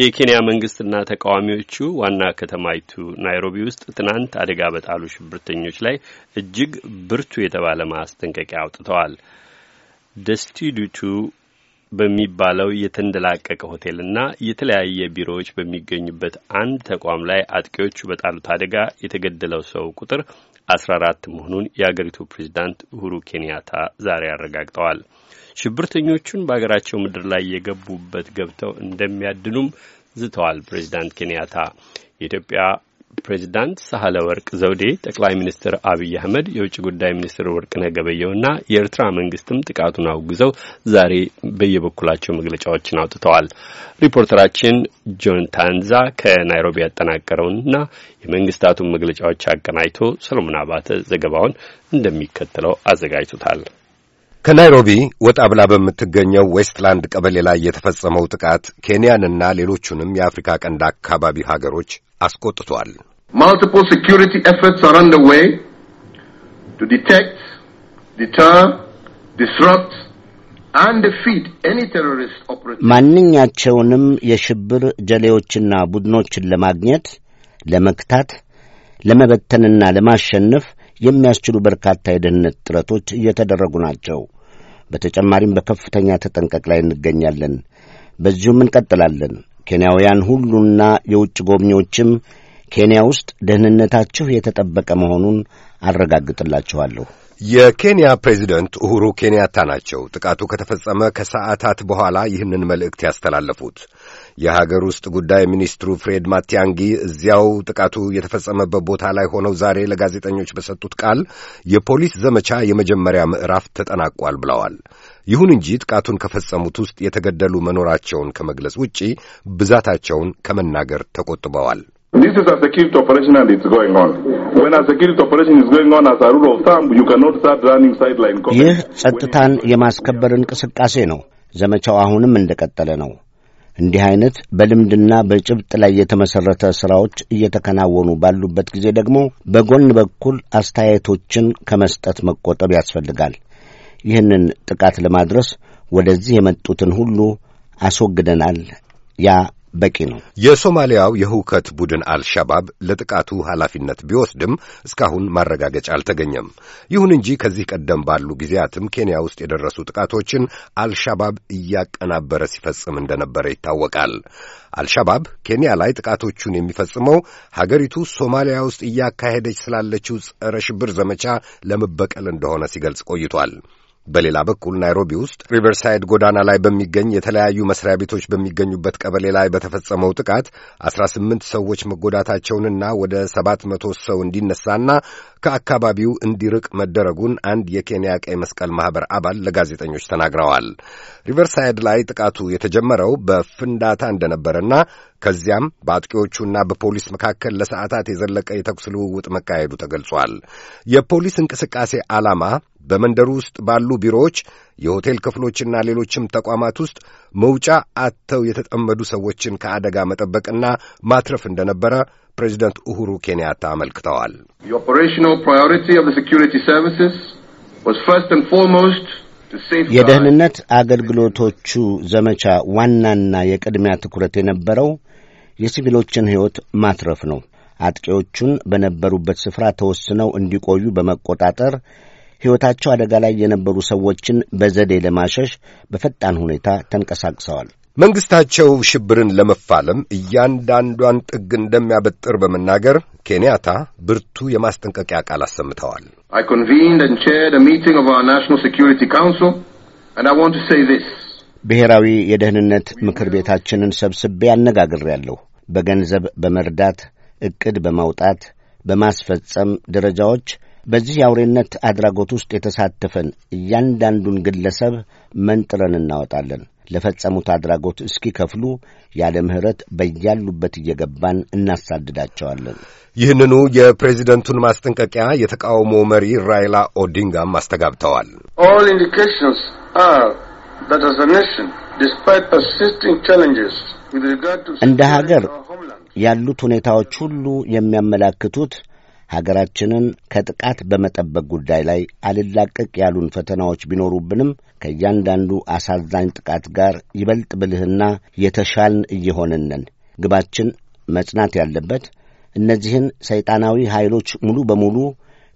የኬንያ መንግስትና ተቃዋሚዎቹ ዋና ከተማይቱ ናይሮቢ ውስጥ ትናንት አደጋ በጣሉ ሽብርተኞች ላይ እጅግ ብርቱ የተባለ ማስጠንቀቂያ አውጥተዋል። ደስቲዱቱ በሚባለው የተንደላቀቀ ሆቴልና የተለያየ ቢሮዎች በሚገኙበት አንድ ተቋም ላይ አጥቂዎቹ በጣሉት አደጋ የተገደለው ሰው ቁጥር አስራ አራት መሆኑን የአገሪቱ ፕሬዚዳንት ኡሁሩ ኬንያታ ዛሬ አረጋግጠዋል። ሽብርተኞቹን በሀገራቸው ምድር ላይ የገቡበት ገብተው እንደሚያድኑም ዝተዋል። ፕሬዚዳንት ኬንያታ የኢትዮጵያ ፕሬዚዳንት ሳህለ ወርቅ ዘውዴ ጠቅላይ ሚኒስትር አብይ አህመድ የውጭ ጉዳይ ሚኒስትር ወርቅነህ ገበየሁና የኤርትራ መንግስትም ጥቃቱን አውግዘው ዛሬ በየበኩላቸው መግለጫዎችን አውጥተዋል። ሪፖርተራችን ጆን ታንዛ ከናይሮቢ ያጠናቀረውንና የመንግስታቱን መግለጫዎች አቀናጅቶ ሰሎሞን አባተ ዘገባውን እንደሚከተለው አዘጋጅቶታል። ከናይሮቢ ወጣ ብላ በምትገኘው ዌስትላንድ ቀበሌ ላይ የተፈጸመው ጥቃት ኬንያንና ሌሎቹንም የአፍሪካ ቀንድ አካባቢ ሀገሮች አስቆጥቷል። multiple security efforts are underway to detect, deter, disrupt and ማንኛቸውንም የሽብር ጀሌዎችና ቡድኖችን ለማግኘት፣ ለመክታት፣ ለመበተንና ለማሸነፍ የሚያስችሉ በርካታ የደህንነት ጥረቶች እየተደረጉ ናቸው። በተጨማሪም በከፍተኛ ተጠንቀቅ ላይ እንገኛለን። በዚሁም እንቀጥላለን። ኬንያውያን ሁሉና የውጭ ጎብኚዎችም ኬንያ ውስጥ ደህንነታችሁ የተጠበቀ መሆኑን አረጋግጥላችኋለሁ። የኬንያ ፕሬዚደንት ኡሁሩ ኬንያታ ናቸው ጥቃቱ ከተፈጸመ ከሰዓታት በኋላ ይህንን መልእክት ያስተላለፉት። የሀገር ውስጥ ጉዳይ ሚኒስትሩ ፍሬድ ማቲያንጊ እዚያው ጥቃቱ የተፈጸመበት ቦታ ላይ ሆነው ዛሬ ለጋዜጠኞች በሰጡት ቃል የፖሊስ ዘመቻ የመጀመሪያ ምዕራፍ ተጠናቋል ብለዋል። ይሁን እንጂ ጥቃቱን ከፈጸሙት ውስጥ የተገደሉ መኖራቸውን ከመግለጽ ውጪ ብዛታቸውን ከመናገር ተቆጥበዋል። This is a security operation and it's going on. When a security operation is going on as a rule of thumb, you cannot start running sideline. ይህ ጸጥታን የማስከበር እንቅስቃሴ ነው። ዘመቻው አሁንም እንደቀጠለ ነው። እንዲህ አይነት በልምድና በጭብጥ ላይ የተመሠረተ ሥራዎች እየተከናወኑ ባሉበት ጊዜ ደግሞ በጎን በኩል አስተያየቶችን ከመስጠት መቆጠብ ያስፈልጋል። ይህንን ጥቃት ለማድረስ ወደዚህ የመጡትን ሁሉ አስወግደናል። ያ በቂ ነው። የሶማሊያው የህውከት ቡድን አልሻባብ ለጥቃቱ ኃላፊነት ቢወስድም እስካሁን ማረጋገጫ አልተገኘም። ይሁን እንጂ ከዚህ ቀደም ባሉ ጊዜያትም ኬንያ ውስጥ የደረሱ ጥቃቶችን አልሻባብ እያቀናበረ ሲፈጽም እንደነበረ ይታወቃል። አልሻባብ ኬንያ ላይ ጥቃቶቹን የሚፈጽመው ሀገሪቱ ሶማሊያ ውስጥ እያካሄደች ስላለችው ጸረ ሽብር ዘመቻ ለመበቀል እንደሆነ ሲገልጽ ቆይቷል። በሌላ በኩል ናይሮቢ ውስጥ ሪቨርሳይድ ጎዳና ላይ በሚገኝ የተለያዩ መስሪያ ቤቶች በሚገኙበት ቀበሌ ላይ በተፈጸመው ጥቃት አስራ ስምንት ሰዎች መጎዳታቸውንና ወደ ሰባት መቶ ሰው እንዲነሳና ከአካባቢው እንዲርቅ መደረጉን አንድ የኬንያ ቀይ መስቀል ማኅበር አባል ለጋዜጠኞች ተናግረዋል። ሪቨርሳይድ ላይ ጥቃቱ የተጀመረው በፍንዳታ እንደነበረና ከዚያም በአጥቂዎቹና በፖሊስ መካከል ለሰዓታት የዘለቀ የተኩስ ልውውጥ መካሄዱ ተገልጿል። የፖሊስ እንቅስቃሴ ዓላማ በመንደሩ ውስጥ ባሉ ቢሮዎች፣ የሆቴል ክፍሎችና ሌሎችም ተቋማት ውስጥ መውጫ አጥተው የተጠመዱ ሰዎችን ከአደጋ መጠበቅና ማትረፍ እንደነበረ ፕሬዚደንት ኡሁሩ ኬንያታ አመልክተዋል። የደህንነት አገልግሎቶቹ ዘመቻ ዋናና የቅድሚያ ትኩረት የነበረው የሲቪሎችን ሕይወት ማትረፍ ነው። አጥቂዎቹን በነበሩበት ስፍራ ተወስነው እንዲቆዩ በመቆጣጠር ሕይወታቸው አደጋ ላይ የነበሩ ሰዎችን በዘዴ ለማሸሽ በፈጣን ሁኔታ ተንቀሳቅሰዋል። መንግሥታቸው ሽብርን ለመፋለም እያንዳንዷን ጥግ እንደሚያበጥር በመናገር ኬንያታ ብርቱ የማስጠንቀቂያ ቃል አሰምተዋል። ብሔራዊ የደህንነት ምክር ቤታችንን ሰብስቤ አነጋግሬያለሁ። በገንዘብ በመርዳት ዕቅድ በማውጣት በማስፈጸም ደረጃዎች በዚህ የአውሬነት አድራጎት ውስጥ የተሳተፈን እያንዳንዱን ግለሰብ መንጥረን እናወጣለን። ለፈጸሙት አድራጎት እስኪከፍሉ ያለ ምሕረት በያሉበት እየገባን እናሳድዳቸዋለን። ይህንኑ የፕሬዚደንቱን ማስጠንቀቂያ የተቃውሞ መሪ ራይላ ኦዲንጋም አስተጋብተዋል። እንደ ሀገር ያሉት ሁኔታዎች ሁሉ የሚያመላክቱት ሀገራችንን ከጥቃት በመጠበቅ ጉዳይ ላይ አልላቀቅ ያሉን ፈተናዎች ቢኖሩብንም ከእያንዳንዱ አሳዛኝ ጥቃት ጋር ይበልጥ ብልህና የተሻልን እየሆንንን ግባችን መጽናት ያለበት እነዚህን ሰይጣናዊ ኃይሎች ሙሉ በሙሉ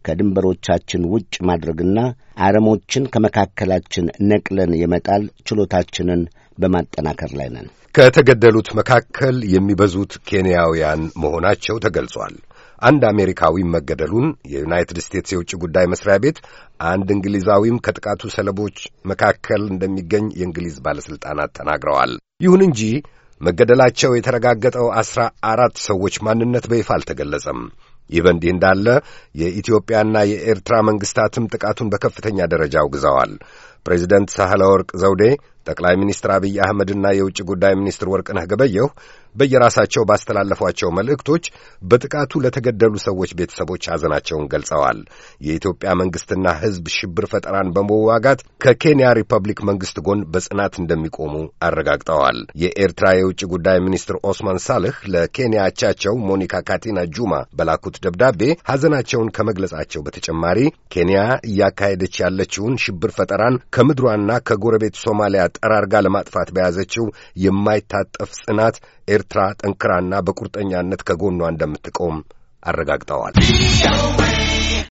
ከድንበሮቻችን ውጭ ማድረግና አረሞችን ከመካከላችን ነቅለን የመጣል ችሎታችንን በማጠናከር ላይ ነን። ከተገደሉት መካከል የሚበዙት ኬንያውያን መሆናቸው ተገልጿል። አንድ አሜሪካዊም መገደሉን የዩናይትድ ስቴትስ የውጭ ጉዳይ መስሪያ ቤት አንድ እንግሊዛዊም ከጥቃቱ ሰለቦች መካከል እንደሚገኝ የእንግሊዝ ባለሥልጣናት ተናግረዋል። ይሁን እንጂ መገደላቸው የተረጋገጠው አስራ አራት ሰዎች ማንነት በይፋ አልተገለጸም። ይህ በእንዲህ እንዳለ የኢትዮጵያና የኤርትራ መንግሥታትም ጥቃቱን በከፍተኛ ደረጃ አውግዘዋል። ፕሬዚደንት ሳህለ ወርቅ ዘውዴ፣ ጠቅላይ ሚኒስትር አብይ አህመድና የውጭ ጉዳይ ሚኒስትር ወርቅነህ ገበየሁ በየራሳቸው ባስተላለፏቸው መልእክቶች በጥቃቱ ለተገደሉ ሰዎች ቤተሰቦች ሐዘናቸውን ገልጸዋል። የኢትዮጵያ መንግሥትና ሕዝብ ሽብር ፈጠራን በመዋጋት ከኬንያ ሪፐብሊክ መንግሥት ጎን በጽናት እንደሚቆሙ አረጋግጠዋል። የኤርትራ የውጭ ጉዳይ ሚኒስትር ኦስማን ሳልህ ለኬንያ አቻቸው ሞኒካ ካቲና ጁማ በላኩት ደብዳቤ ሐዘናቸውን ከመግለጻቸው በተጨማሪ ኬንያ እያካሄደች ያለችውን ሽብር ፈጠራን ከምድሯና ከጎረቤት ሶማሊያ ጠራርጋ ለማጥፋት በያዘችው የማይታጠፍ ጽናት ኤርትራ ጠንክራና በቁርጠኛነት ከጎኗ እንደምትቆም አረጋግጠዋል።